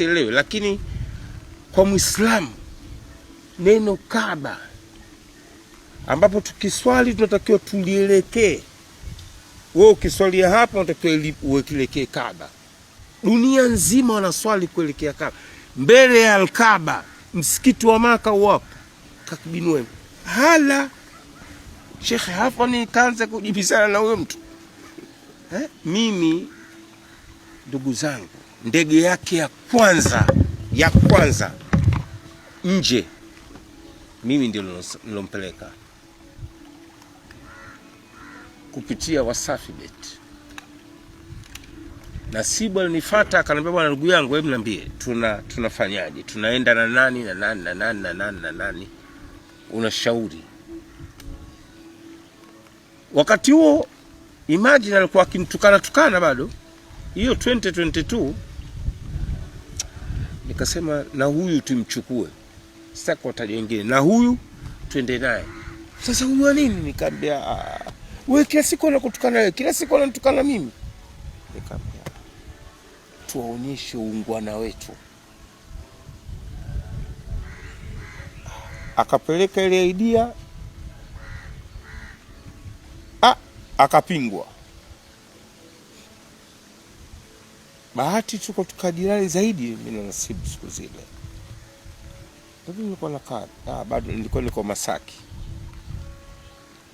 sielewe, lakini kwa Muislamu neno kaba ambapo tukiswali tunatakiwa tulielekee. Wewe ukiswalia hapa unatakiwa uelekee kaba Dunia nzima wanaswali kuelekea kaba mbele ya Alkaba, msikiti wa Maka uwapo kakibinwe hala shekhe hapo ni kaanza kujibizana na huyo mtu eh? Mimi ndugu zangu ndege yake ya kwanza ya kwanza nje, mimi ndio nilompeleka kupitia Wasafi Bet, na Sibu alinifuata akaniambia, bwana ndugu yangu, hebu niambie tuna tunafanyaje? Tunaenda na nani na nani na nani na nani na nani, unashauri wakati huo imagine alikuwa akimtukana tukana bado, hiyo 2022 akasema na huyu tumchukue, sitaki wataja wengine, na huyu twende naye. Sasa huyu wa nini? Nikamwambia wewe, ah, kila siku anakutukana wewe, kila siku ananitukana mimi. Nikamwambia tuwaonyeshe uungwana wetu. Akapeleka ile idea, ah, akapingwa. bahati tuko tukajirani zaidi, mimi na Nasibu siku zile nilikuwa nakaa ah, bado nilikuwa niko Masaki,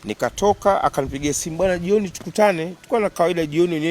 nikatoka akanipigia simu, bwana, jioni tukutane. Tulikuwa na kawaida jioni wenyewe